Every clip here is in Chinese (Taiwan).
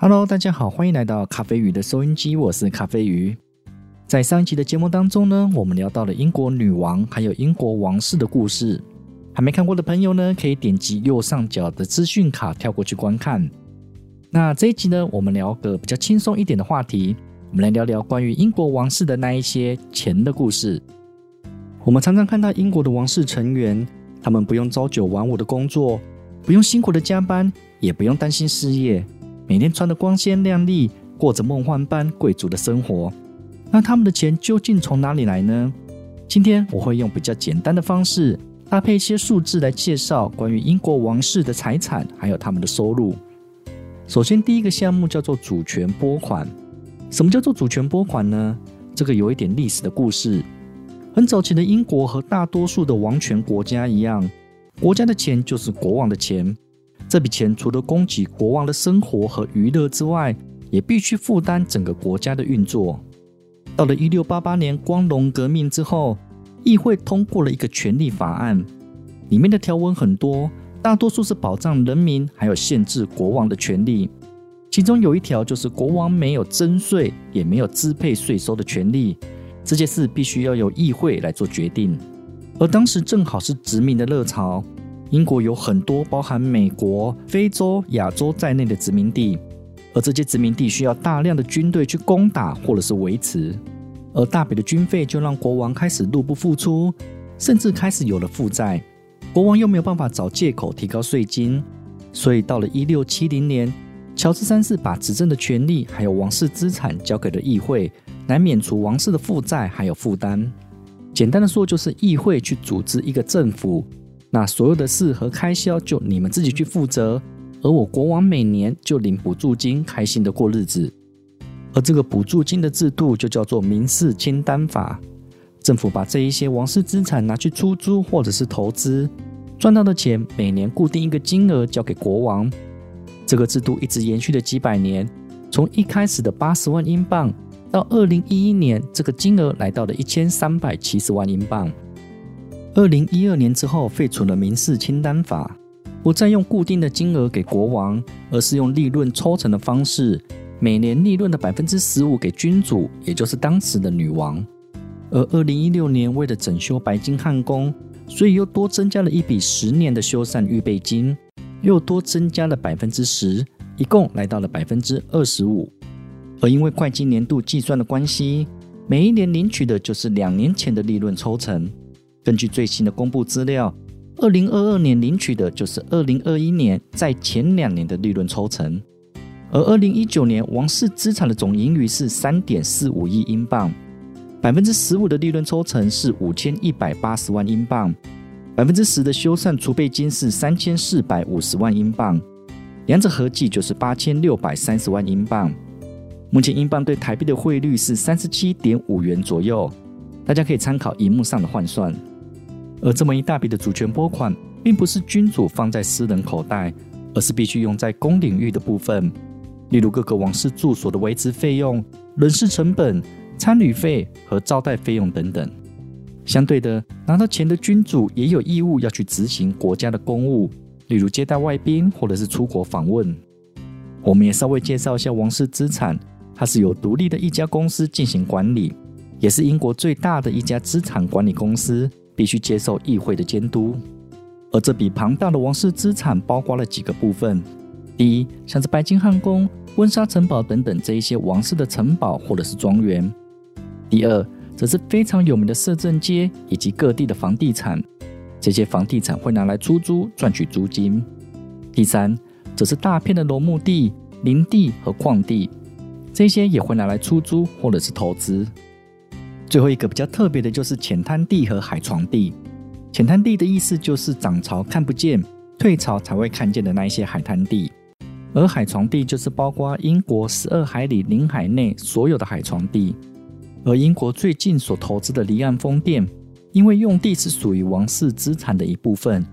Hello，大家好，歡迎來到咖啡魚的收音機，我是咖啡魚。在上一集的節目當中呢，我們聊到了英國女王還有英國王室的故事。還沒看過的朋友呢，可以點擊右上角的資訊卡跳過去觀看。那這一集呢，我們聊個比較輕鬆一點的話題，我們來聊聊關於英國王室的那一些錢的故事。我們常常看到英國的王室成員，他們不用朝九晚五的工作，不用辛苦的加班，也不用擔心失業。每天穿得光鮮亮麗，過着夢幻般貴族的生活。那他們的錢究竟從哪裡來呢？今天我會用比較簡單的方式，搭配一些數字來介紹關於英國王室的財產，還有他們的收入。首先，第一個項目叫做主權撥款。什麼叫做主權撥款呢？這個有一點歷史的故事。很早前的英國和大多數的王權國家一樣，國家的錢就是國王的錢。這筆錢除了供給國王的生活和娛樂之外，也必須負擔整個國家的運作。到了一六八八年光榮革命之後，議會通過了一個權利法案，裡面的條文很多，大多數是保障人民，還有限制國王的權利。其中有一條就是國王沒有徵稅，也沒有支配稅收的權利，這件事必須要由議會來做決定。而當時正好是殖民的熱潮。英國有很多包含美國、非洲、亞洲在內的殖民地，而這些殖民地需要大量的軍隊去攻打或者是維持，而大筆的軍費就讓國王開始入不敷出，甚至開始有了負債。國王又沒有辦法找借口提高稅金，所以到了一六七零年，喬治三世把執政的權力還有王室資產交給了議會，來免除王室的負債還有負擔。簡單的說，就是議會去組織一個政府。那所有的事和開銷就你們自己去負責，而我國王每年就領補助金，開心的過日子。而這個補助金的制度就叫做民事清單法，政府把這一些王室資產拿去出租或者是投資，賺到的錢每年固定一個金額交給國王。這個制度一直延續了幾百年，從一開始的八十萬英鎊，到二零一一年，這個金額來到了一千三百七十萬英鎊。二零一二年之後廢除了民事清單法，不再用固定的金額給國王，而是用利潤抽成的方式，每年利潤的百分之十五給君主，也就是當時的女王。而二零一六年為了整修白金漢宮，所以又多增加了一筆十年的修繕預備金，又多增加了百分之十，一共來到了百分之二十五。而因為會計年度計算的關係，每一年領取的就是兩年前的利潤抽成。根據最新的公布資料，2022年領取的就是2021年在前兩年的利潤抽成，而2019年王室資產的總盈餘是3.45億英鎊，百分之十五的利潤抽成是5180萬英鎊，百分之十的修繕儲備金是3450萬英鎊，兩者合計就是8630萬英鎊。目前英鎊對台幣的匯率是37.5元左右，大家可以參考螢幕上的換算。而這麼一大筆的主權撥款，並不是君主放在私人口袋，而是必須用在公領域的部分，例如各個王室住所的維持費用、人事成本、差旅費和招待費用等等。相對的，拿到錢的君主也有義務要去執行國家的公務，例如接待外賓或者是出國訪問。我們也稍微介紹一下王室資產，它是由獨立的一家公司進行管理，也是英國最大的一家資產管理公司。必須接受議會的監督，而這筆龐大的王室資產包括了幾個部分：第一，像是白金漢宮、溫莎城堡等等這一些王室的城堡或者是莊園；第二，則是非常有名的攝政街以及各地的房地產，這些房地產會拿來出租，賺取租金；第三，則是大片的農牧地、林地和礦地，這些也會拿來出租或者是投資。最後一個比較特別的就是淺灘地和海床地。淺灘地的意思就是漲潮看不見，退潮才會看見的那一些海灘地。而海床地就是包括英國十二海里領海內所有的海床地。而英國最近所投資的離岸風電，因為用地是屬於王室資產的一部分，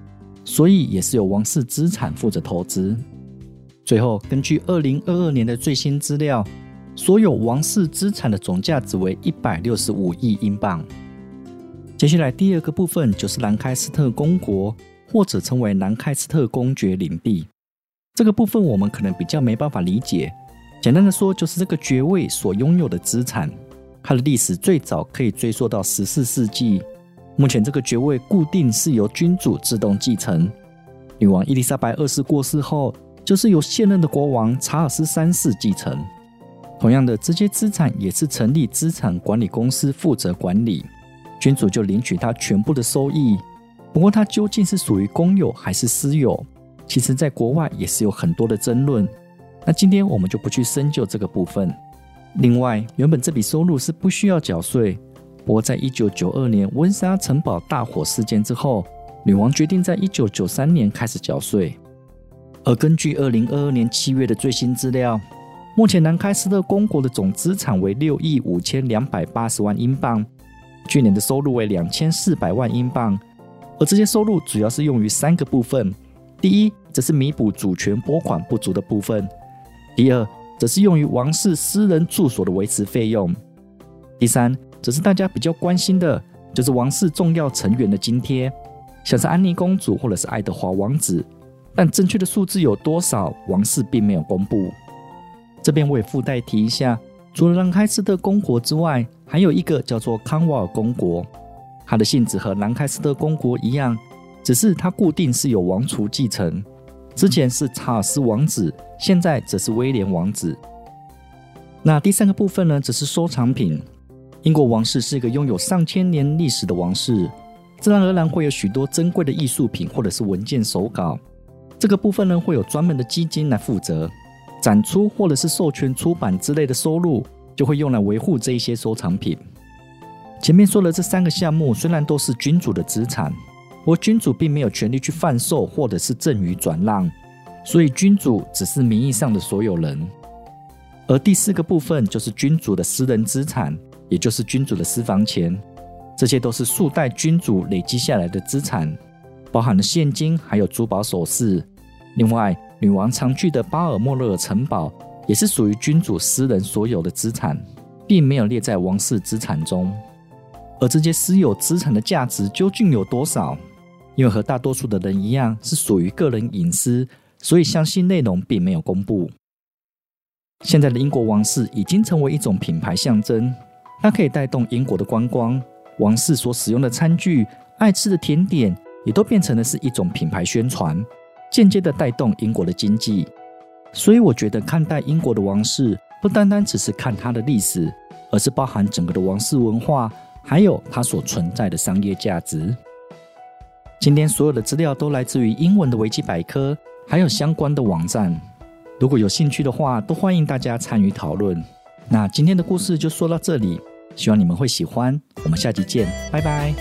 所以也是由王室資產負責投資。最後，根據二零二二年的最新資料。所有王室資產的總價值為一百六十五億英鎊。接下來第二個部分就是蘭開斯特公國，或者稱為蘭開斯特公爵領地。這個部分我們可能比較沒辦法理解。簡單的說，就是這個爵位所擁有的資產。它的歷史最早可以追溯到十四世紀。目前這個爵位固定是由君主自動繼承。女王伊麗莎白二世過世後，就是由現任的國王查爾斯三世繼承。同樣的，這些資產也是成立資產管理公司負責管理，君主就領取他全部的收益。不過，他究竟是屬於公有還是私有，其實，在國外也是有很多的爭論。那今天我們就不去深究這個部分。另外，原本這筆收入是不需要繳稅，不過在一九九二年溫莎城堡大火事件之後，女王決定在一九九三年開始繳稅。而根據二零二二年七月的最新資料。目前南開斯特公國的總資產為六億五千兩百八十萬英鎊，去年的收入為兩千四百萬英鎊，而這些收入主要是用於三個部分：第一，則是彌補主權撥款不足的部分；第二，則是用於王室私人住所的維持費用；第三，則是大家比較關心的，就是王室重要成員的津貼，像是安妮公主或者是愛德華王子，但正確的數字有多少，王室並沒有公布。這邊我也附帶提一下，除了蘭開斯特公國之外，還有一個叫做康沃爾公國，它的性質和蘭開斯特公國一樣，只是它固定是由王儲繼承。之前是查爾斯王子，現在則是威廉王子。那第三個部分呢，則是收藏品。英國王室是一個擁有上千年歷史的王室，自然而然會有許多珍貴的藝術品或者是文件手稿。這個部分呢，會有專門的基金來負責。展出或者是授權出版之類的收入，就會用來維護這一些收藏品。前面說的這三個項目雖然都是君主的資產，不過君主並沒有權利去販售或者是贈與轉讓，所以君主只是名義上的所有人。而第四個部分就是君主的私人資產，也就是君主的私房錢，這些都是數代君主累積下來的資產，包含了現金還有珠寶首飾。另外。女王常去的巴爾莫勒爾城堡也是屬於君主私人所有的資產，並沒有列在王室資產中。而這些私有資產的價值究竟有多少？因為和大多數的人一樣，是屬於個人隱私，所以詳細內容並沒有公布。現在的英國王室已經成為一種品牌象徵，它可以帶動英國的觀光。王室所使用的餐具、愛吃的甜點，也都變成了是一種品牌宣傳。間接的帶動英國的經濟，所以我覺得看待英國的王室不單單只是看它的歷史，而是包含整個的王室文化，還有它所存在的商業價值。今天所有的資料都來自於英文的維基百科，還有相關的網站。如果有興趣的話，都歡迎大家參與討論。那今天的故事就說到這裡，希望你們會喜歡。我們下期見，拜拜。